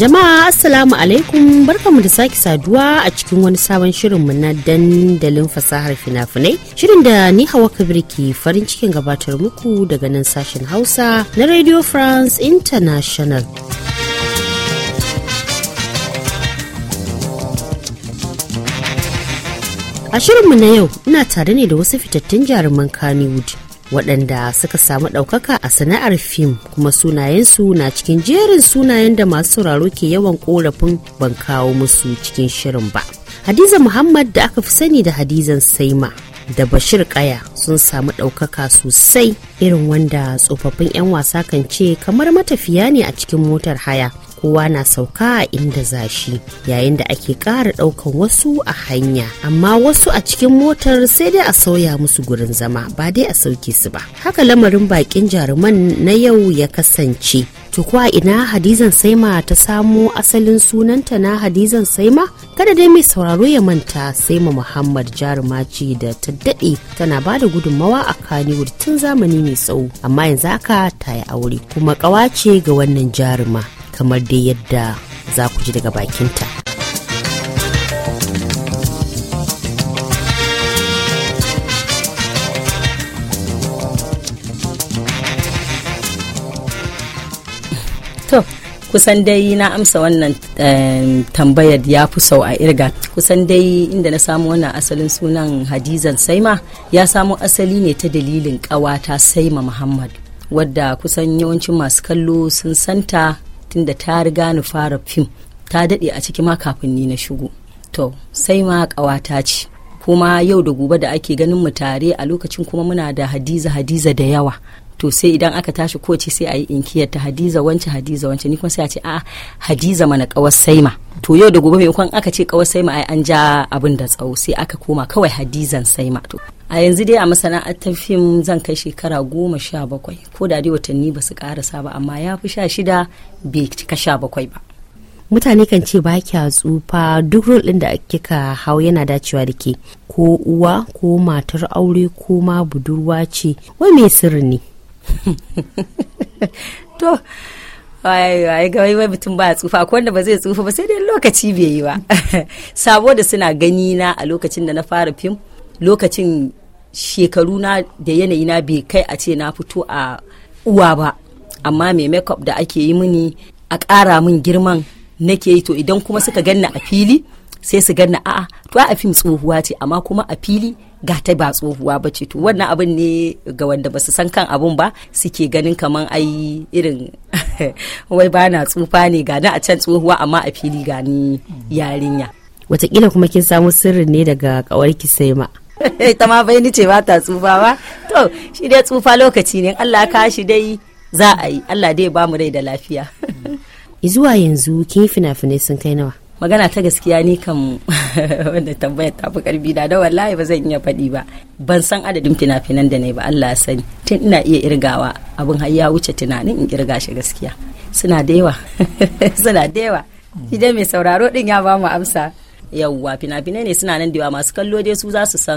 Jama'a Assalamu alaikum barkamu da sake saduwa a cikin wani sabon shirinmu na dandalin fasahar fina-finai. Shirin da ni hawa kabir ke farin cikin gabatar muku daga nan sashen Hausa na Radio France International. A shirin mu na yau ina tare ne da wasu fitattun jaruman Kannywood waɗanda suka samu ɗaukaka a sana'ar fim kuma sunayensu na cikin jerin sunayen da masu sauraro ke yawan ƙorafin ban kawo musu cikin shirin ba. Hadiza Muhammad da aka fi sani da Hadizan Saima da Bashir Kaya sun samu ɗaukaka sosai irin wanda tsofaffin 'yan wasa kan ce kamar matafiya ne a cikin motar haya kowa na sauka a inda zashi yayin da ake ƙara ɗaukan wasu a hanya amma wasu a cikin motar sai dai a sauya musu gurin zama ba dai a sauke su ba haka lamarin bakin jaruman na yau ya kasance tukwa ina hadizan saima ta samo asalin sunanta na hadizan saima kada dai mai sauraro ya manta saima muhammad jaruma ce da ta daɗe tana ba da gudunmawa a kaniwood tun zamani mai tsawo amma yanzu haka ta yi aure kuma ƙawa ce ga wannan jaruma kamar dai yadda za ku ji daga bakinta. To, kusan dai na amsa wannan tambayar ya fi sau a irga. Kusan dai inda na samu wannan asalin sunan Hadizan Saima ya samo asali ne ta dalilin ƙawata Saima Muhammad. wadda kusan yawancin masu kallo sun santa da ta riga ni fara fim ta daɗe a ciki ma kafin ni na shigo to sai ma ƙawata ce kuma yau da gobe da ake ganin mu tare a lokacin kuma muna da hadiza hadiza da yawa to sai idan aka tashi ko ce sai a yi inkiyar ta hadiza wance hadiza wance ni kuma sai a ce a hadiza mana kawar saima to yau da gobe maimakon aka ce kawar saima ai an ja abin da tsawo sai aka koma kawai hadizan saima to a yanzu dai a masana'antar fim zan kai shekara goma sha bakwai ko da dai watanni ba su karasa ba amma ya fi sha shida bai cika sha bakwai ba mutane kan ce ba kya tsufa duk rol da kika hau yana dacewa da ke ko uwa ko matar aure ko ma budurwa ce wai mai sirri ne to ai ga wai mutum ba tsufa ko wanda ba zai tsufa ba sai dai lokaci bai yi ba sabo da suna gani na a lokacin da na fara fim lokacin shekaru na da yanayi na bai kai a ce na fito a uwa ba amma mai makeup da ake yi mini a ƙara min girman nake yi to idan kuma suka ganna a fili sai su ganna a'a to a fim tsohuwa ce amma kuma a fili ga ta ba tsohuwa ba ce to wannan abin ne ga wanda ba su san kan abun ba suke ganin kaman ai irin wai ba na tsufa ne ga a can tsohuwa amma a fili ga ni yarinya watakila kuma kin samu sirrin ne daga kawarki sai ma ita ma bai ni ce ba ta tsufa ba to shi dai tsufa lokaci ne Allah ka shi dai za a yi Allah dai ba mu rai da lafiya zuwa yanzu kin fina-finai sun kai nawa magana ta gaskiya ni kan wanda tambayar ta fi karbi da da wallahi ba zan iya faɗi ba ban san adadin fina-finan da ne ba Allah sani tun ina iya irgawa abin har ya wuce tunanin in irga shi gaskiya suna da yawa suna da yawa idan mai sauraro din ya bamu amsa yawwa fina-finai ne suna nan da yawa masu kallo dai su za su san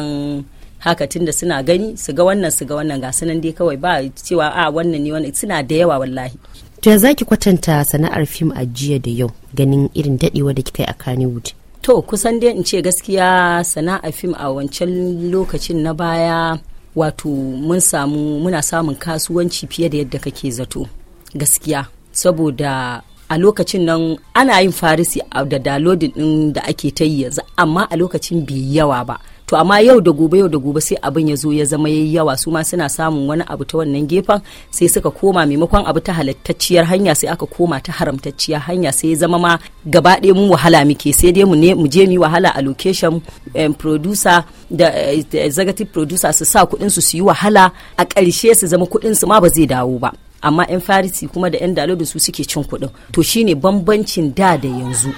haka tun da suna gani su ga wannan su ga wannan ga sunan dai kawai ba cewa a wannan ne wannan suna da yawa wallahi to ya zaki kwatanta sana'ar fim a jiya da yau ganin irin daɗewa da kika yi a Kannywood to kusan dai in ce gaskiya sana'ar fim a wancan lokacin na baya wato mun samu muna samun kasuwanci fiye da yadda kake zato gaskiya saboda a lokacin nan ana yin farisi da dalodin din da ake ta yi yanzu amma a lokacin bai yawa ba to amma yau da gobe yau da gobe sai abin ya zo ya zama yayi yawa su ma suna samun wani abu ta wannan gefen sai suka koma maimakon abu ta halittacciyar hanya sai aka koma ta haramtacciyar hanya sai ya zama ma gaba ɗaya mu wahala muke sai dai mu ne mu je mu wahala a location producer da eh, executive producer su sa kuɗin su su yi wahala a ƙarshe su zama kuɗin su ma ba zai dawo ba amma 'yan farisi kuma da 'yan dalo da su suke cin kuɗin to shine bambancin da da yanzu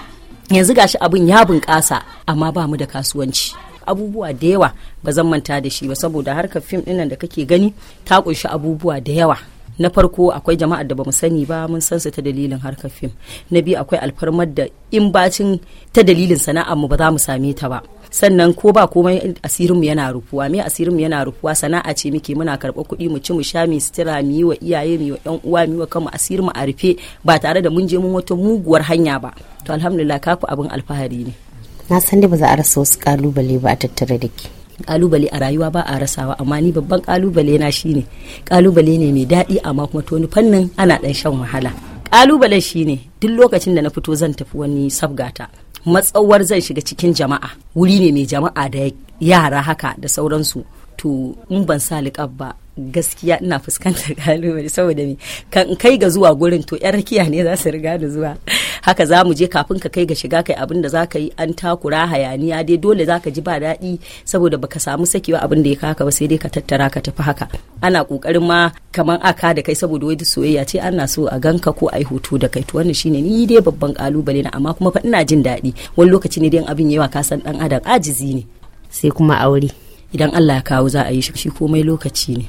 yanzu gashi abin ya bunƙasa amma ba mu da kasuwanci abubuwa da yawa ba zan manta da shi ba saboda harkar fim ɗinnan da kake gani ta kunshi abubuwa da yawa na farko akwai jama'ar da bamu sani ba mun san su ta dalilin harkar fim na biyu akwai alfarmar da in bacin ta dalilin sana'ar mu ba za mu same ta ba sannan ko ba komai asirin yana rufuwa me asirin mu yana rufuwa sana'a ce muke muna karɓar kuɗi mu ci mu sha mu sitira mu yi wa iyaye mu yi wa ƴan uwa mu yi wa kanmu asirin mu a rufe ba tare da mun je mun wata muguwar hanya ba to alhamdulillah kafi abin alfahari ne na san dai ba za a rasa wasu kalubale ba a tattare da ke kalubale a rayuwa ba a rasawa amma ni babban kalubale na shine kalubale ne mai daɗi amma kuma to fannin ana ɗan shan wahala kalubale shine duk lokacin da na fito zan tafi wani sabgata matsawar zan shiga cikin jama'a wuri ne mai jama'a da yara haka da sauransu to in ban sa liƙab ba gaskiya ina fuskantar kalubale saboda me kan kai ga zuwa gurin to yar rakiya ne za su riga da zuwa haka za mu je kafin ka kai ga shiga kai abin da za ka yi an takura hayaniya dai dole za ka ji ba daɗi saboda baka samu sakewa abin da ya kaka ba sai dai ka tattara ka tafi haka ana kokarin ma kamar aka da kai saboda wai soyayya ce ana so a ganka ko a yi hoto da kai to wannan shine ni dai babban kalubale na amma kuma fa ina jin daɗi wani lokaci ne dai abin yawa ka san dan adam ajizi ne sai kuma aure idan Allah ya kawo za a yi shi komai lokaci ne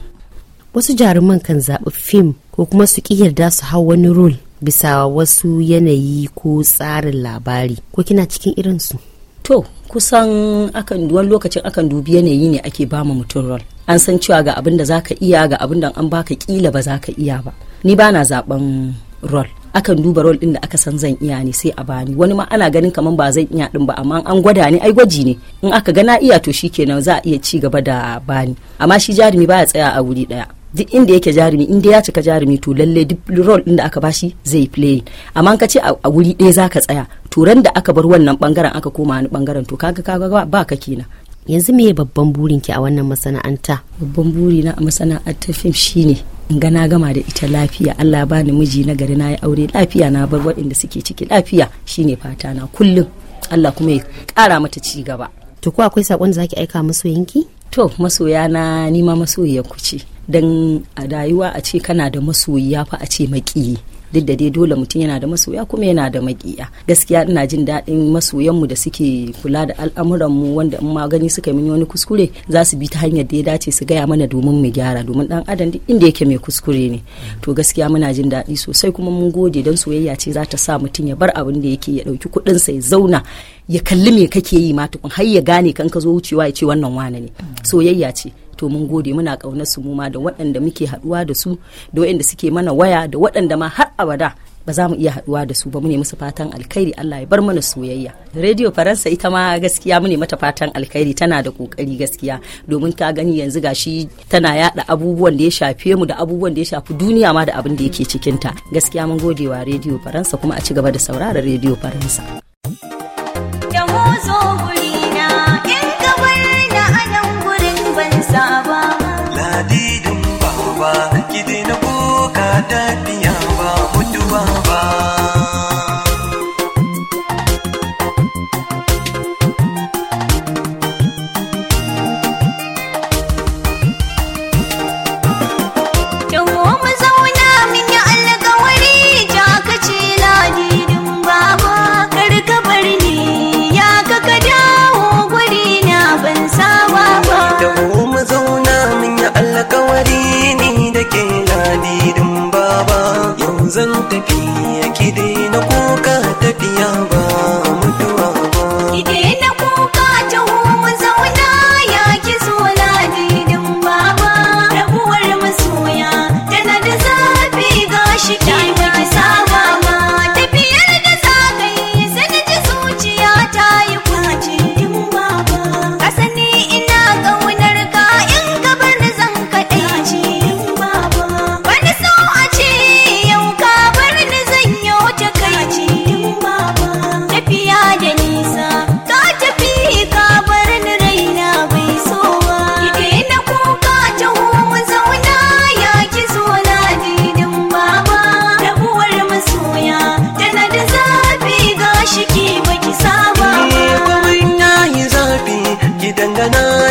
wasu jaruman kan zaɓi fim ko kuma su yarda su hau wani rol bisa wasu yanayi ko tsarin labari ko kina cikin irinsu to kusan akan wani lokacin akan dubi yanayi ne ake ma mutum rol an san cewa ga abin da zaka iya ga abin da an baka kila ba zaka iya ba ni bana zaben rol akan duba rol din da aka san zan iya ne sai a bani wani ma ana ganin kaman ba zan iya din ba amma an gwada ne ai gwaji ne in aka ga na iya to shikenan za a iya ci gaba da bani amma shi jarumi baya tsaya a wuri daya duk inda yake jarumi inda ya cika jarumi to lalle duk role din da aka bashi zai play amma ka ce a wuri ɗaya zaka tsaya to ran da aka bar wannan bangaren aka koma wani bangaren to kaga kaga ba ka kina yanzu me babban burin ki a wannan masana'anta babban buri na masana'anta fim shine in ga na gama da ita lafiya Allah ba ni miji na gari na yi aure lafiya na bar waɗanda suke ciki lafiya shine fata na kullum Allah kuma ya ƙara mata ci gaba to ko akwai sakon da zaki aika masoyinki to masoya na nima masoyiyar ku ce don a rayuwa a ce kana da masoyi fa a ce maƙiyi duk da dai dole mutum yana da masoya kuma yana da maƙiya gaskiya ina jin daɗin masoyanmu da suke kula da al'amuranmu wanda in ma gani suka min wani kuskure za su bi ta hanyar da ya dace su gaya mana domin mu gyara domin ɗan adam duk inda yake mai kuskure ne to gaskiya muna jin daɗi sosai kuma mun gode don soyayya ce za ta sa mutum ya bar abin da yake ya ɗauki kuɗinsa ya zauna ya kalli me kake yi ma tukun har ya gane kan ka zo wucewa ya ce wannan wane ne soyayya ce to mun gode muna kaunar su mu ma da waɗanda muke haɗuwa da su da waɗanda suke mana waya da waɗanda ma har abada ba za mu iya haɗuwa da su ba mu ne musu fatan alkhairi Allah ya bar mana soyayya radio faransa ita ma gaskiya mu ne mata fatan alkhairi tana da kokari gaskiya domin ka gani yanzu gashi tana yada abubuwan da ya shafe mu da abubuwan da ya shafi duniya ma da abin da yake cikinta gaskiya mun gode wa radio faransa kuma a ci gaba da sauraron radio faransa 所谓。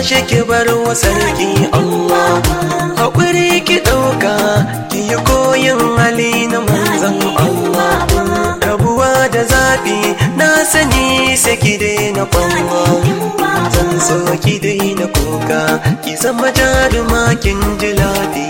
tashi ki bar wa sarki Allah haƙuri ki ɗauka ki yi koyin hali na manzan Allah rabuwa da zafi na sani sai ki daina kwanwa zan so ki daina kuka ki zama jarumakin jiladi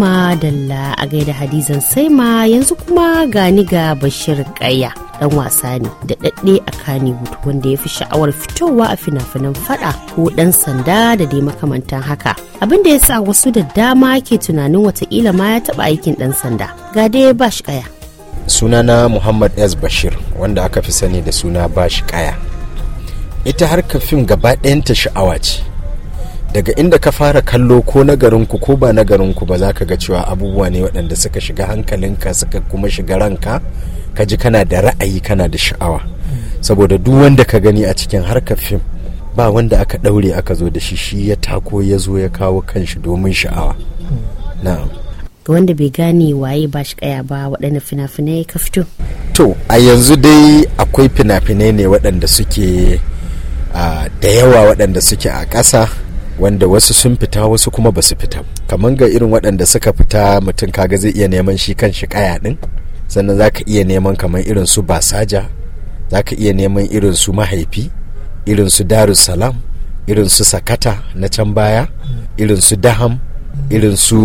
Dalla a gaida hadizan saima yanzu kuma gani ga bashir kaya dan wasa ne da ɗaɗɗe a hutu wanda ya fi sha'awar fitowa a fina-finan fada ko ɗan sanda da dai makamantan haka abin da ya sa wasu da dama ke tunanin watakila ma ya taɓa aikin ɗan sanda ga dai Bashir kaya sunana muhammad s bashir wanda aka fi sani da suna Bashir kaya ita harkar fim gaba ɗayanta sha'awa ce daga inda ka fara kallo ko na garinku ko ba na garinku ba za ka ga cewa abubuwa ne waɗanda suka shiga hankalinka suka kuma shiga ranka ka ji kana da ra'ayi kana da sha'awa saboda duk wanda ka gani a cikin harkar fim ba wanda aka ɗaure aka zo da shi shi ya tako ya zo ya kawo kanshi domin sha'awa na'am ga wanda bai gane waye ba shi kaya ba waɗanda fina-finai ka fito to a yanzu dai akwai fina-finai ne waɗanda suke ah, da yawa waɗanda suke a ƙasa wanda wasu sun fita wasu kuma basu fita kamar ga irin waɗanda suka fita mutum kaga zai iya neman shi kan shi kaya ɗin sannan za ka iya neman kamar irin su basaja za ka iya neman irin su mahaifi irin su darussalam irin su sakata na can baya irin su daham irin su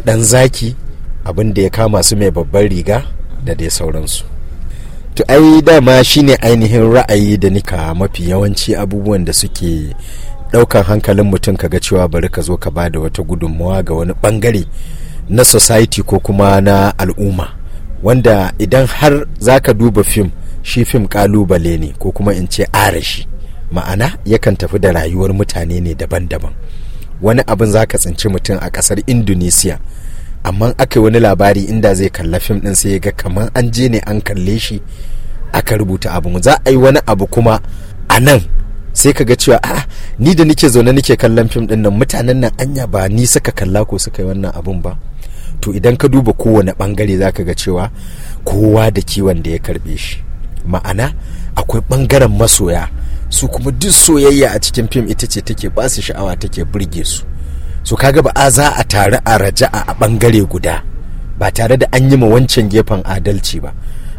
ɗan zaki abin da ya kama su mai babban riga da dai sauransu to ai dama shine ainihin ra'ayi da nika mafi yawanci abubuwan da suke daukan hankalin mutum ka ga cewa bari ka zo ka ba da wata gudunmawa ga wani bangare na society ko kuma na al'umma wanda idan har za ka duba fim shi fim kalubale ne ko kuma in ce arashi ma'ana yakan tafi da rayuwar mutane ne daban-daban wani abin za ka tsinci mutum a kasar indonesia amma aka yi wani labari inda zai kalla fim din sai ya ga kamar an je ne an kalle shi aka rubuta abin za a yi wani abu kuma a nan sai ka ga cewa a ah, ni da nike zaune nike kallon fim din nan mutanen nan anya ba ni saka kalla ko suka yi wannan abun ba to idan ka duba kowane bangare za ka ga cewa kowa da kiwon da ya karbe shi ma'ana akwai bangaren masoya su kuma duk soyayya a cikin fim ita ce take ba su sha'awa take burge su Su kaga ba a za a taru a raja'a a bangare guda ba tare da an yi ma wancan gefen adalci ba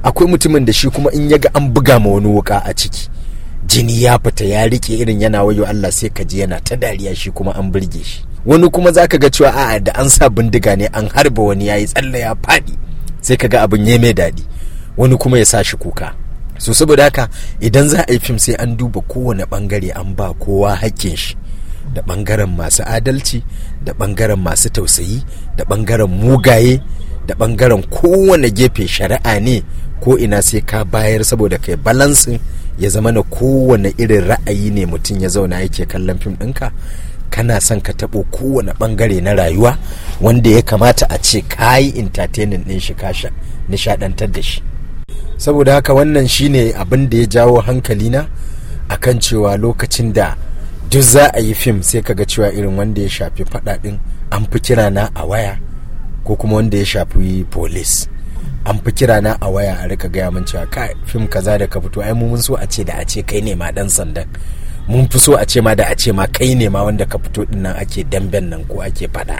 akwai mutumin da shi kuma in ya ga an buga ma wani wuka a ciki jini ya fita ya rike irin yana wayo Allah sai ka ji yana ta dariya shi kuma an burge shi wani kuma zaka ga cewa a'a da an sa bindiga ne an harba wani yayi tsalle ya faɗi sai ka ga abin ya mai dadi wani kuma ya sa shi kuka so saboda haka idan za a yi fim sai an duba kowane bangare an ba kowa hakkin shi da bangaren masu adalci da bangaren masu tausayi da bangaren mugaye da bangaren kowane gefe shari'a ne ko ina sai ka bayar saboda kai balansin ya zama na kowane irin ra'ayi ne mutum ya zauna yake kallon fim ɗinka kana son ka taɓo kowane ɓangare na rayuwa wanda ya kamata a ce ka yi entertaining ɗin shi ka nishaɗantar da shi saboda haka wannan shine abin da ya jawo hankalina kan cewa lokacin da duk za a yi fim sai ka ga cewa irin wanda ya shafi faɗaɗin an fi kirana a waya ko kuma wanda ya shafi police an fi kira na a waya a rika gaya min cewa kai fim kaza da ka fito ai mu mun so a ce da a ce kai ne ma dan sandan mun fi so a ce ma da a ce ma kai ne ma wanda ka fito din nan ake damben nan ko ake fada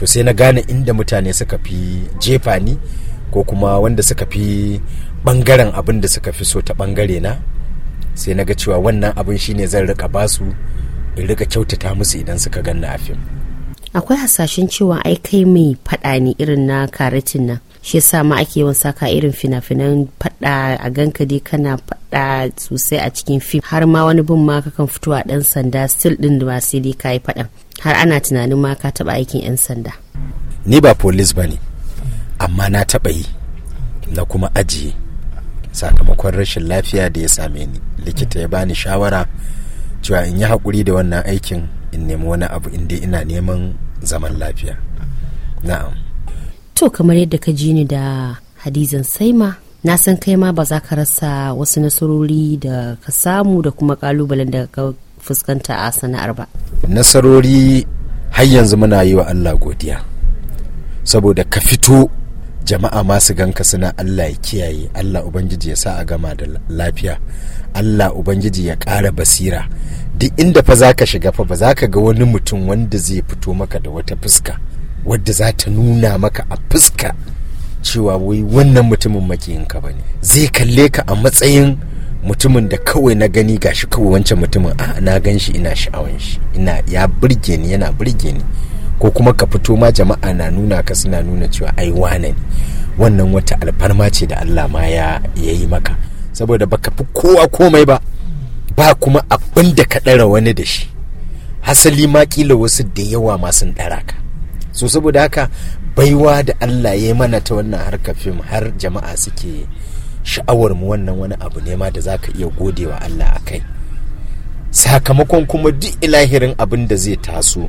to sai na gane inda mutane suka fi jefa ni ko kuma wanda suka fi bangaren abin da suka fi so ta bangare na sai na ga cewa wannan abin shine zan rika basu in rika kyautata musu idan suka ganna a fim akwai hasashen cewa ai kai mai fada ne irin na karatin nan shi yasa ma ake yawan saka irin fina-finan fada a ganka dai kana fada sosai a cikin fim har ma wani bin ma kakan fito a dan sanda still din da ba sai dai kayi fadan har ana tunanin ma ka taba aikin yan sanda ni ba ba ne amma na taba yi na kuma ajiye sakamakon rashin lafiya da ya same ni likita ya bani shawara cewa in yi haƙuri da wannan aikin in nemi wani abu inda ina neman zaman lafiya na'am to kamar yadda ka ji ni da hadizan saima na san kai ma ba za ka rasa wasu nasarori da ka samu da kuma kalubalen da ka fuskanta a sana'ar ba nasarori har yanzu muna yi wa allah godiya saboda ka fito jama'a masu ganka suna allah ya kiyaye allah ubangiji ya sa a gama da lafiya allah ubangiji ya ƙara basira duk inda fa za ka shiga fa ba za ka ga wani mutum wanda zai fito maka da wata fuska wadda za ta nuna maka a fuska cewa wai wannan mutumin makiyinka ba ne zai kalle ka a matsayin mutumin da kawai na gani ga shi kawai wancan mutumin a na gan shi ina sha'awan shi ina ya burge ni yana birge ni ko kuma ka fito ma jama'a na nuna ka suna nuna cewa ai wane ne wannan wata alfarma ce da Allah ma ya yi maka saboda baka fi kowa komai ba ba kuma abin da ka ɗara wani da shi hasali ma kila wasu da yawa ma sun ɗara ka so saboda haka baiwa da allah ya mana ta wannan harkar fim har jama'a suke sha'awar mu wannan wani abu ne ma da za ka iya gode wa allah a kai sakamakon kuma duk ilahirin abin da zai taso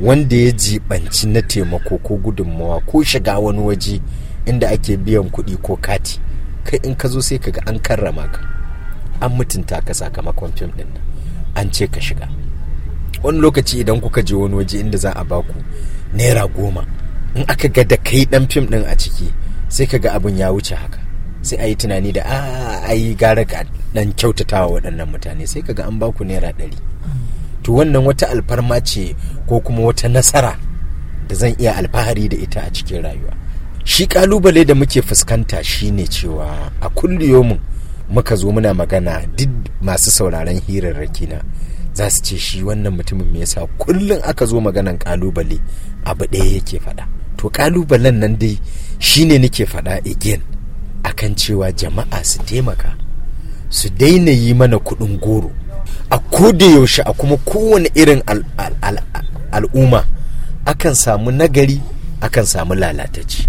wanda ya jibanci na taimako ko gudunmawa ko shiga wani waje inda ake biyan kuɗi ko kati kai in ka zo sai ka ga an karrama ka an mutunta ka sakamakon fim ɗin an ce ka shiga wani lokaci idan kuka je wani waje inda za a baku naira goma in aka ga da kai dan fim din a ciki sai ka ga abin ya wuce haka sai ayi tunani da a ah, ai gara ka dan kyautatawa waɗannan mutane sai kaga an baku naira ɗari to wannan wata alfarma ce ko kuma wata nasara da zan iya alfahari da ita a cikin rayuwa shi kalubale da muke fuskanta shine cewa a kulliyomin muka zo muna magana duk masu sauraron hirarraki na za su ce shi wannan mutumin me yasa kullum aka zo maganan kalubale abu ɗaya yake faɗa to kalubalen nan dai shine nake faɗa again akan cewa jama'a su taimaka su daina yi mana kuɗin goro a koda yaushe a kuma kowane irin al'umma akan samu nagari akan samu lalatacci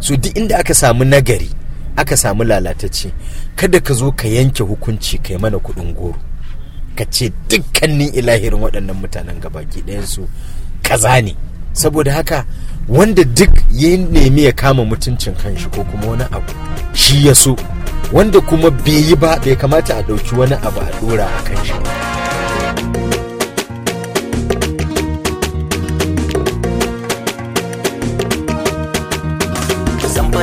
su duk inda aka samu nagari aka samu lalatacci kada ka zo ka yanke hukunci kai mana kuɗin goro ka ce dukkanin ilahirin waɗannan mutanen gabaki ɗayansu kaza ne saboda haka wanda duk ya nemi ya kama mutuncin kanshi ko kuma wani abu shi ya so wanda kuma bai yi ba bai kamata a ɗauki wani abu a ɗora a kanshi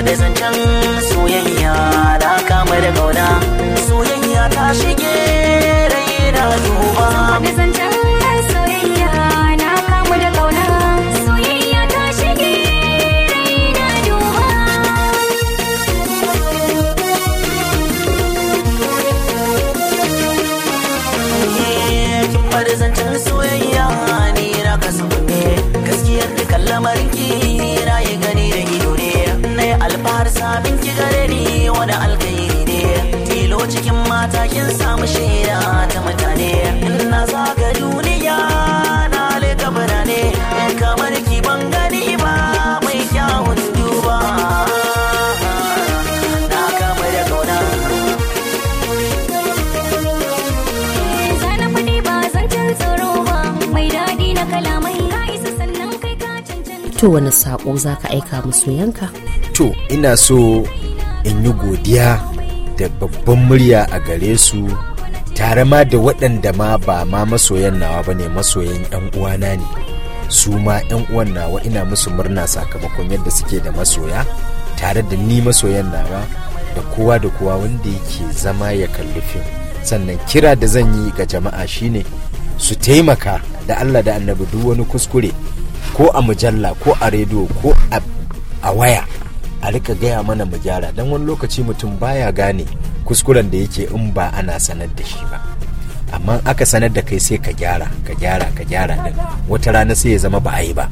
da zancen soyayya na kama da gauna soyayya ta shige duba. Sun zancen to wani saƙo za ka aika masoyanka? to ina so in yi godiya da babban murya a gare su tare ma da waɗanda ma ba ma masoyan nawa ba ne masoyan 'yan uwana ne su ma 'yan uwan nawa ina musu murna sakamakon yadda suke da masoya tare da ni masoyan nawa da kowa da kowa wanda yake zama ya kalli fim sannan kira da zan yi ga jama'a shine su taimaka da allah da annabi duk wani kuskure ko a mujalla ko a rediyo ko a waya a rika gaya mana mu gyara don wani lokaci mutum baya gane kuskuren da yake in ba ana sanar da shi ba amma aka sanar da kai sai ka gyara ka gyara ka gyara din wata rana sai ya zama ba a yi ba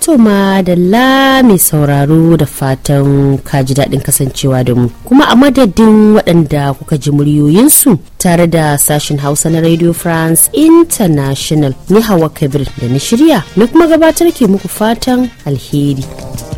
To la mai sauraro da fatan kaji daɗin kasancewa da mu. Kuma a madadin waɗanda kuka ji muryoyinsu tare da sashen Hausa na Radio France International ni Hawa Kabir da na shirya na kuma gabatar ke muku fatan alheri.